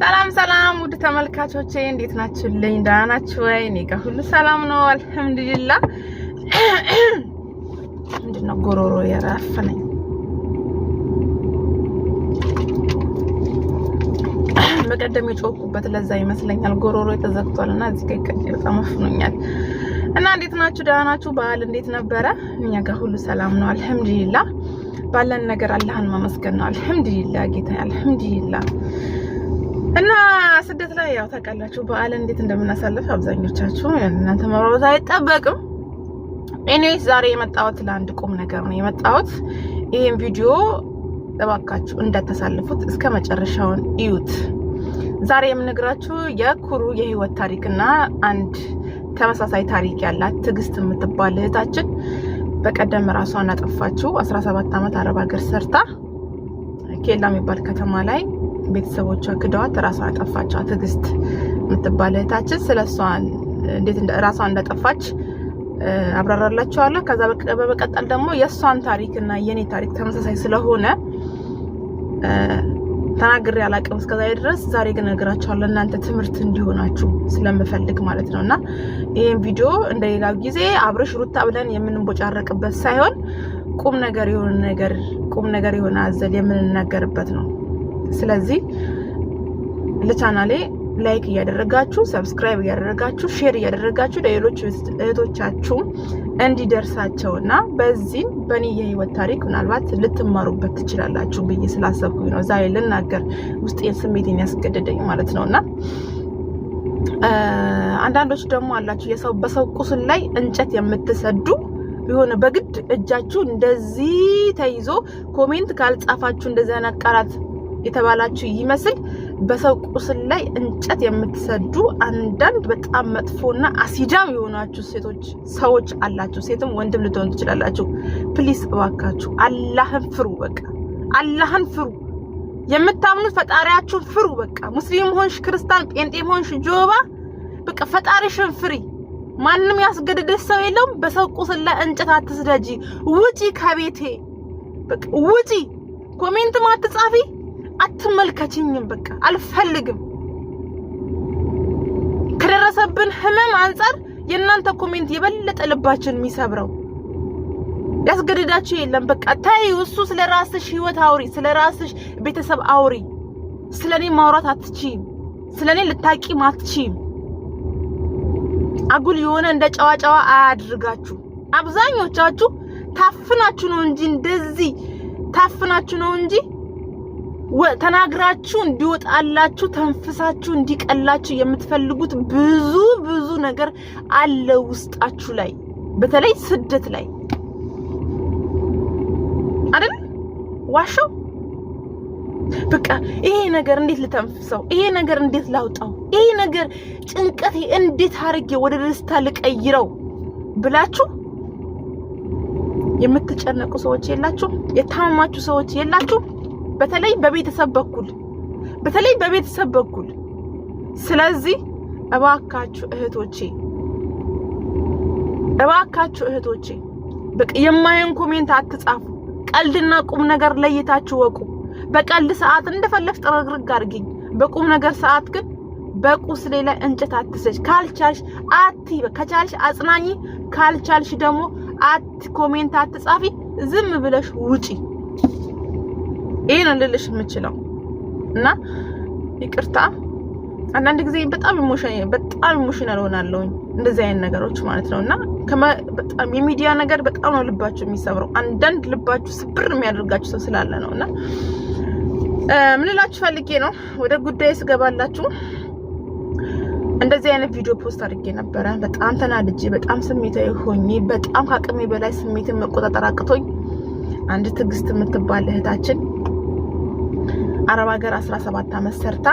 ሰላም ሰላም ውድ ተመልካቾቼ እንዴት ናችሁልኝ? ደህና ናችሁ ወይ? እኔ ጋር ሁሉ ሰላም ነው አልሐምዱሊላህ። ምንድን ነው ጎሮሮ የራፈነኝ? በቀደም የጮኩበት ለዛ ይመስለኛል ጎሮሮ ተዘግቷል እና እዚህ ጋር በጣም አፍኖኛል። እና እንዴት ናችሁ? ደህና ናችሁ? በዓል እንዴት ነበረ? እኛ ጋር ሁሉ ሰላም ነው አልሐምዱሊላህ ባለን ነገር አላህን ማመስገን ነው። አልሐምዱሊላ ጌታ አልሐምዱሊላ። እና ስደት ላይ ያው ታውቃላችሁ በዓል እንዴት እንደምናሳልፍ አብዛኞቻችሁ እናንተ መሮዝ አይጠበቅም። ኤኒዌይስ ዛሬ የመጣሁት ለአንድ ቁም ነገር ነው የመጣሁት። ይህን ቪዲዮ እባካችሁ እንዳታሳልፉት እስከ መጨረሻውን እዩት። ዛሬ የምነግራችሁ የኩሩ የህይወት ታሪክና አንድ ተመሳሳይ ታሪክ ያላት ትዕግስት የምትባል እህታችን በቀደም ራሷን አጠፋችው። 17 ዓመት አረብ ሀገር ሰርታ ኬላ የሚባል ከተማ ላይ ቤተሰቦቿ ክደዋት ራሷን አጠፋች። ትዕግስት የምትባል እህታችን ስለ እሷ እንዴት ራሷን እንዳጠፋች አብራራላችኋለሁ። ከዛ በመቀጠል ደግሞ የእሷን ታሪክ እና የኔ ታሪክ ተመሳሳይ ስለሆነ ተናግሬ አላቅም እስከዛ ድረስ። ዛሬ ግን እነግራችኋለሁ እናንተ ትምህርት እንዲሆናችሁ ስለምፈልግ ማለት ነው። እና ይህን ቪዲዮ እንደሌላው ጊዜ አብረሽ ሩታ ብለን የምንቦጫረቅበት ሳይሆን ቁም ነገር የሆነ ነገር ቁም ነገር የሆነ አዘል የምንናገርበት ነው። ስለዚህ ለቻናሌ ላይክ እያደረጋችሁ ሰብስክራይብ እያደረጋችሁ ሼር እያደረጋችሁ ለሌሎች እህቶቻችሁም እንዲደርሳቸውና በዚህም በእኔ የህይወት ታሪክ ምናልባት ልትማሩበት ትችላላችሁ ብዬ ስላሰብኩ ነው ዛሬ ልናገር ውስጤን ስሜት ያስገደደኝ ማለት ነው እና አንዳንዶች ደግሞ አላችሁ የሰው በሰው ቁስል ላይ እንጨት የምትሰዱ የሆነ በግድ እጃችሁ እንደዚህ ተይዞ ኮሜንት ካልጻፋችሁ እንደዚህ አይነት ቃላት የተባላችሁ ይመስል በሰው ቁስል ላይ እንጨት የምትሰዱ አንዳንድ በጣም መጥፎና አሲዳም የሆናችሁ ሴቶች ሰዎች አላችሁ። ሴትም ወንድም ልትሆኑ ትችላላችሁ። ፕሊስ እባካችሁ አላህን ፍሩ። በቃ አላህን ፍሩ። የምታምኑት ፈጣሪያችሁን ፍሩ። በቃ ሙስሊም ሆንሽ፣ ክርስቲያን፣ ጴንጤም ሆንሽ ጆባ በቃ ፈጣሪሽን ፍሪ። ማንም ያስገድደሽ ሰው የለውም። በሰው ቁስል ላይ እንጨት አትስደጂ። ውጪ፣ ከቤቴ በቃ ውጪ። ኮሜንትም አትጻፊ አትመልከችኝም። በቃ አልፈልግም። ከደረሰብን ህመም አንጻር የእናንተ ኮሜንት የበለጠ ልባችን የሚሰብረው ያስገድዳችሁ የለም። በቃ ታይ እሱ ስለ ራስሽ ህይወት አውሪ፣ ስለ ራስሽ ቤተሰብ አውሪ። ስለ እኔ ማውራት አትችይም። ስለ እኔ ልታቂም አትችይም። አጉል የሆነ እንደ ጨዋ ጨዋ አያድርጋችሁ። አብዛኞቻችሁ ታፍናችሁ ነው እንጂ እንደዚህ ታፍናችሁ ነው እንጂ ተናግራችሁ እንዲወጣላችሁ ተንፍሳችሁ እንዲቀላችሁ የምትፈልጉት ብዙ ብዙ ነገር አለ ውስጣችሁ ላይ በተለይ ስደት ላይ አይደል ዋሻው በቃ ይሄ ነገር እንዴት ልተንፍሰው? ይሄ ነገር እንዴት ላውጣው? ይሄ ነገር ጭንቀቴ እንዴት አድርጌ ወደ ደስታ ልቀይረው ብላችሁ የምትጨነቁ ሰዎች የላችሁ? የታመማችሁ ሰዎች የላችሁ? በተለይ በቤተሰብ በኩል በተለይ በቤተሰብ በኩል። ስለዚህ እባካችሁ እህቶቼ እባካችሁ እህቶቼ የማይሆን ኮሜንት አትጻፉ። ቀልድና ቁም ነገር ለይታችሁ ወቁ። በቀልድ ሰዓት እንደፈለግሽ ጥርግርግ አድርጊኝ፣ በቁም ነገር ሰዓት ግን በቁስሌ ላይ እንጨት አትሰጭ። ካልቻልሽ አት ከቻልሽ አጽናኝ፣ ካልቻልሽ ደግሞ አት ኮሜንት አትጻፊ፣ ዝም ብለሽ ውጪ። ይሄ ነው ልልሽ የምችለው። እና ይቅርታ አንዳንድ ጊዜ በጣም በጣም ኢሞሽናል ሆናለሁ እንደዚህ አይነት ነገሮች ማለት ነው። እና በጣም የሚዲያ ነገር በጣም ነው ልባችሁ የሚሰብረው። አንዳንድ ልባችሁ ስብር የሚያደርጋችሁ ሰው ስላለ ነው። እና ምን ፈልጌ ነው ወደ ጉዳይ ስገባላችሁ እንደዚህ አይነት ቪዲዮ ፖስት አድርጌ ነበረ። በጣም ተናድጄ፣ በጣም ስሜታዊ ሆኜ፣ በጣም ከአቅሜ በላይ ስሜትን መቆጣጠር አቅቶኝ አንድ ትዕግስት የምትባል እህታችን አረብ ሀገር 17 ዓመት ሰርታ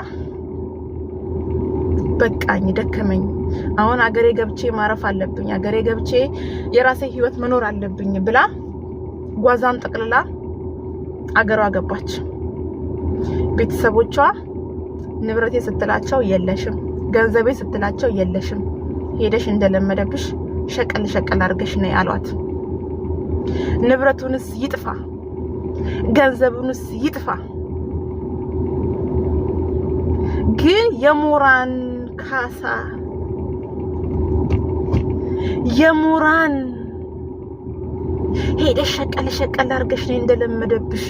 በቃኝ፣ ደከመኝ። አሁን አገሬ ገብቼ ማረፍ አለብኝ፣ አገሬ ገብቼ የራሴ ህይወት መኖር አለብኝ ብላ ጓዛን ጠቅልላ አገሯ ገባች። ቤተሰቦቿ ንብረቴ ስትላቸው የለሽም፣ ገንዘቤ ስትላቸው የለሽም፣ ሄደሽ እንደለመደብሽ ሸቀል ሸቀል አድርገሽ ነይ አሏት። ንብረቱንስ ይጥፋ ገንዘቡንስ ይጥፋ ግን የሞራን ካሳ የሞራን ሄደሽ ሸቀል ሸቀል አድርገሽ ነው እንደለመደብሽ።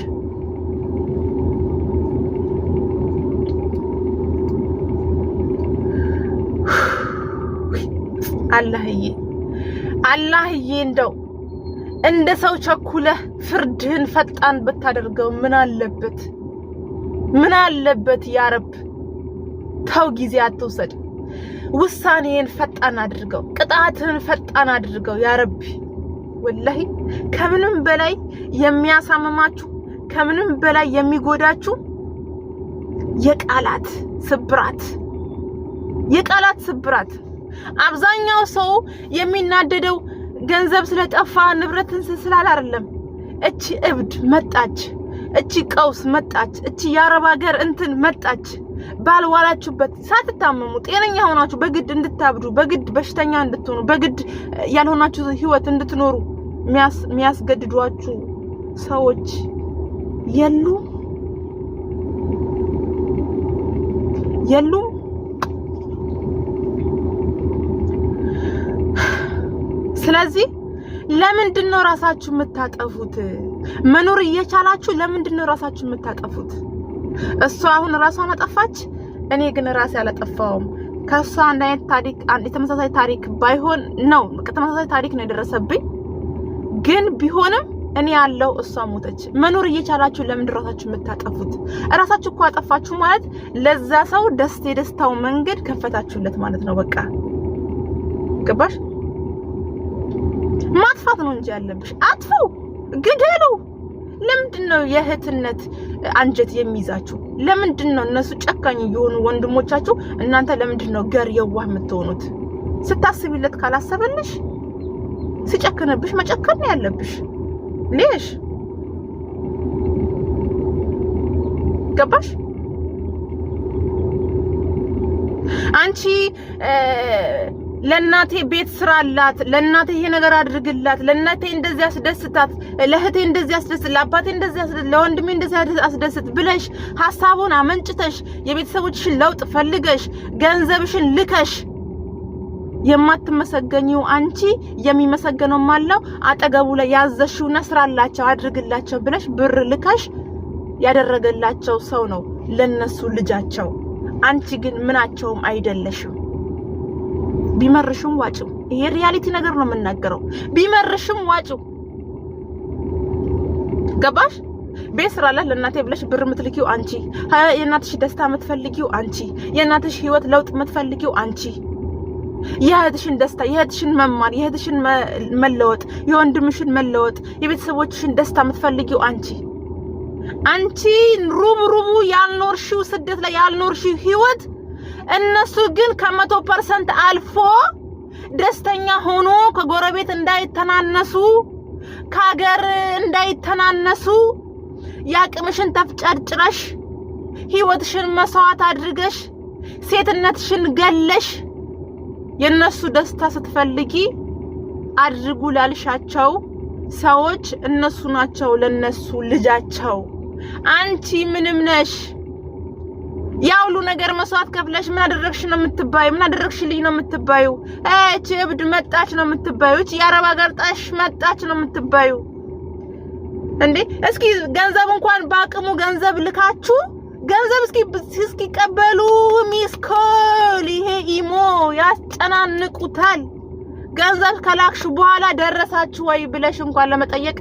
አላህዬ አላህዬ እንደው እንደ ሰው ቸኩለህ ፍርድህን ፈጣን ብታደርገው ምን አለበት? ምን አለበት ያረብ ተው፣ ጊዜ አትውሰድ። ውሳኔን ፈጣን አድርገው፣ ቅጣትን ፈጣን አድርገው። ያረቢ ወላሂ ከምንም በላይ የሚያሳምማችሁ ከምንም በላይ የሚጎዳችሁ የቃላት ስብራት የቃላት ስብራት። አብዛኛው ሰው የሚናደደው ገንዘብ ስለጠፋ ንብረትን ስላል አይደለም። እቺ እብድ መጣች፣ እቺ ቀውስ መጣች፣ እቺ የአረብ ሀገር እንትን መጣች። ባልዋላችሁበት ሳትታመሙ ጤነኛ ሆናችሁ በግድ እንድታብዱ በግድ በሽተኛ እንድትሆኑ በግድ ያልሆናችሁ ህይወት እንድትኖሩ የሚያስገድዷችሁ ሰዎች የሉ የሉ። ስለዚህ ለምንድን ነው ራሳችሁ የምታጠፉት? መኖር እየቻላችሁ ለምንድን ነው ራሳችሁ የምታጠፉት? እሷ አሁን ራሷን አጠፋች፣ እኔ ግን ራሴ አላጠፋውም። ከእሷ አንድ አይነት ታሪክ የተመሳሳይ ታሪክ ባይሆን ነው ከተመሳሳይ ታሪክ ነው የደረሰብኝ። ግን ቢሆንም እኔ ያለው እሷ ሞተች። መኖር እየቻላችሁ ለምን ራሳችሁ የምታጠፉት? እራሳችሁ እኮ አጠፋችሁ ማለት ለዛ ሰው ደስ የደስታው መንገድ ከፈታችሁለት ማለት ነው። በቃ ገባሽ? ማጥፋት ነው እንጂ ያለብሽ አጥፉ፣ ግደሉ። ለምንድን ነው የእህትነት አንጀት የሚይዛችሁ? ለምንድን ነው እነሱ ጨካኝ የሆኑ ወንድሞቻችሁ፣ እናንተ ለምንድን ነው ገር የዋህ የምትሆኑት? ስታስቢለት ካላሰበልሽ ሲጨክንብሽ መጨከን ነው ያለብሽ። ሌሽ ገባሽ? አንቺ ለእናቴ ቤት ስራላት፣ ለእናቴ ይሄ ነገር አድርግላት፣ ለእናቴ እንደዚህ አስደስታት፣ ለእህቴ እንደዚህ አስደስት፣ ለአባቴ እንደዚህ አስደስት፣ ለወንድሜ እንደዚህ አስደስት ብለሽ ሀሳቡን አመንጭተሽ የቤተሰቦችሽን ለውጥ ፈልገሽ ገንዘብሽን ልከሽ የማትመሰገኝው አንቺ የሚመሰገነው ማለው አጠገቡ ላይ ያዘሽውና ስራላቸው አድርግላቸው ብለሽ ብር ልከሽ ያደረገላቸው ሰው ነው ለነሱ ልጃቸው። አንቺ ግን ምናቸውም አይደለሽም። ቢመርሽም ዋጭው። ይሄ ሪያሊቲ ነገር ነው የምናገረው። ቢመርሽም ዋጭው። ገባሽ? ቤት ስራ ላይ ለእናቴ ብለሽ ብር የምትልኪው አንቺ፣ የእናትሽ ደስታ የምትፈልጊው አንቺ፣ የእናትሽ ህይወት ለውጥ የምትፈልጊው አንቺ፣ የእህትሽን ደስታ፣ የእህትሽን መማር፣ የእህትሽን መለወጥ፣ የወንድምሽን መለወጥ፣ የቤተሰቦችሽን ደስታ የምትፈልጊው አንቺ አንቺ ሩብ ሩቡ ያልኖርሽው ስደት ላይ ያልኖርሽው ህይወት እነሱ ግን ከመቶ ፐርሰንት አልፎ ደስተኛ ሆኖ ከጎረቤት እንዳይተናነሱ ከሀገር እንዳይተናነሱ የአቅምሽን ተፍጨርጭረሽ ህይወትሽን መስዋዕት አድርገሽ ሴትነትሽን ገለሽ የነሱ ደስታ ስትፈልጊ አድርጉ ላልሻቸው ሰዎች እነሱ ናቸው ለነሱ ልጃቸው። አንቺ ምንም ነሽ። ያ ሁሉ ነገር መስዋዕት ከፍለሽ ምን አደረግሽ ነው የምትባዩ? ምን ልጅ ነው የምትባዩ? እቺ እብድ መጣች ነው የምትባዩ? እቺ የአረብ ሀገር መጣች ነው የምትባዩ? እንዴ እስኪ ገንዘብ እንኳን በአቅሙ ገንዘብ ልካችሁ ገንዘብ እስኪ እስኪቀበሉ ሚስኮል ይሄ ኢሞ ያስጨናንቁታል። ገንዘብ ከላክሽ በኋላ ደረሳችሁ ወይ ብለሽ እንኳን ለመጠየቅ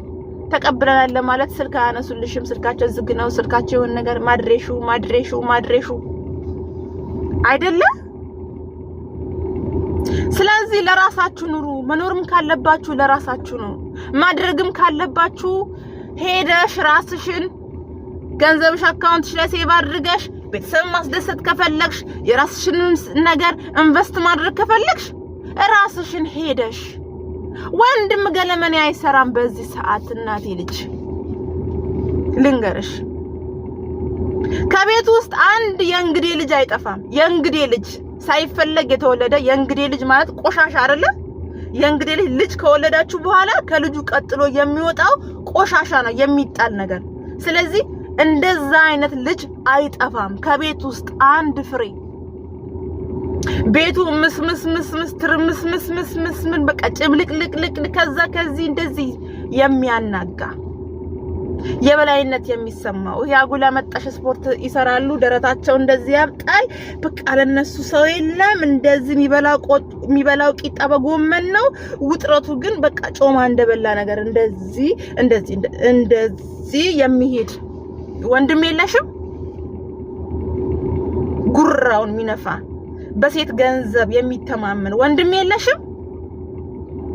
ተቀብለናል ለማለት ስልክ አያነሱልሽም። ስልካቸው ዝግ ነው። ስልካቸው የሆነ ነገር ማድሬሹ ማድሬሹ ማድሬሹ አይደለም። ስለዚህ ለራሳችሁ ኑሩ። መኖርም ካለባችሁ ለራሳችሁ ነው። ማድረግም ካለባችሁ ሄደሽ ራስሽን ገንዘብሽ አካውንትሽ ላይ ሴቭ አድርገሽ ቤተሰብ ማስደሰት ከፈለግሽ የራስሽን ነገር ኢንቨስት ማድረግ ከፈለግሽ ራስሽን ሄደሽ ወንድም ገለመኔ አይሰራም በዚህ ሰዓት። እናቴ ልጅ ልንገርሽ፣ ከቤት ውስጥ አንድ የእንግዴ ልጅ አይጠፋም። የእንግዴ ልጅ ሳይፈለግ የተወለደ የእንግዴ ልጅ ማለት ቆሻሻ አይደለ? የእንግዴ ልጅ ልጅ ከወለዳችሁ በኋላ ከልጁ ቀጥሎ የሚወጣው ቆሻሻ ነው፣ የሚጣል ነገር። ስለዚህ እንደዛ አይነት ልጅ አይጠፋም ከቤት ውስጥ አንድ ፍሬ ቤቱ ምስምስምስምስ ትርምስምስምስምስ ምን በቃ ጭምልቅልቅልቅ ከዛ ከዚህ እንደዚህ የሚያናጋ የበላይነት የሚሰማው ይሄ አጉል ስፖርት ይሰራሉ። ደረታቸው እንደዚህ ያብጣል። በቃ ለነሱ ሰው የለም። እንደዚህ የሚበላው ቂጣ በጎመን ነው። ውጥረቱ ግን በቃ ጮማ እንደበላ ነገር እንደዚህ እንደዚህ እንደዚህ የሚሄድ ወንድም የለሽም፣ ጉራውን የሚነፋ በሴት ገንዘብ የሚተማመን ወንድም የለሽም?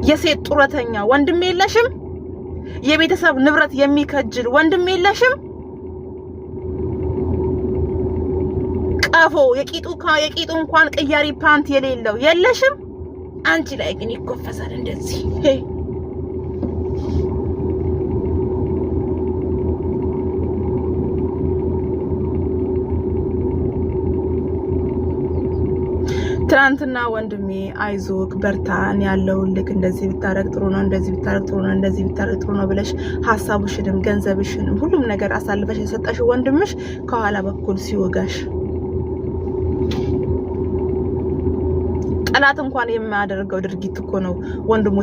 የሴት ጡረተኛ ወንድም የለሽም? የቤተሰብ ንብረት የሚከጅል ወንድም የለሽም? ቀፎ የቂጡ የቂጡ እንኳን ቅያሪ ፓንት የሌለው የለሽም? አንቺ ላይ ግን ይኮፈሳል እንደዚህ ትናንትና ወንድሜ አይዞክ በርታን ያለውልክ እንደዚህ ብታረግ ጥሩ ነው፣ እንደዚህ ብታረግ ጥሩ ነው፣ እንደዚህ ብታረግ ጥሩ ነው ብለሽ ሀሳቡሽንም ገንዘብሽንም ሁሉም ነገር አሳልፈሽ የሰጠሽው ወንድምሽ ከኋላ በኩል ሲወጋሽ ጠላት እንኳን የማያደርገው ድርጊት እኮ ነው ወንድሞ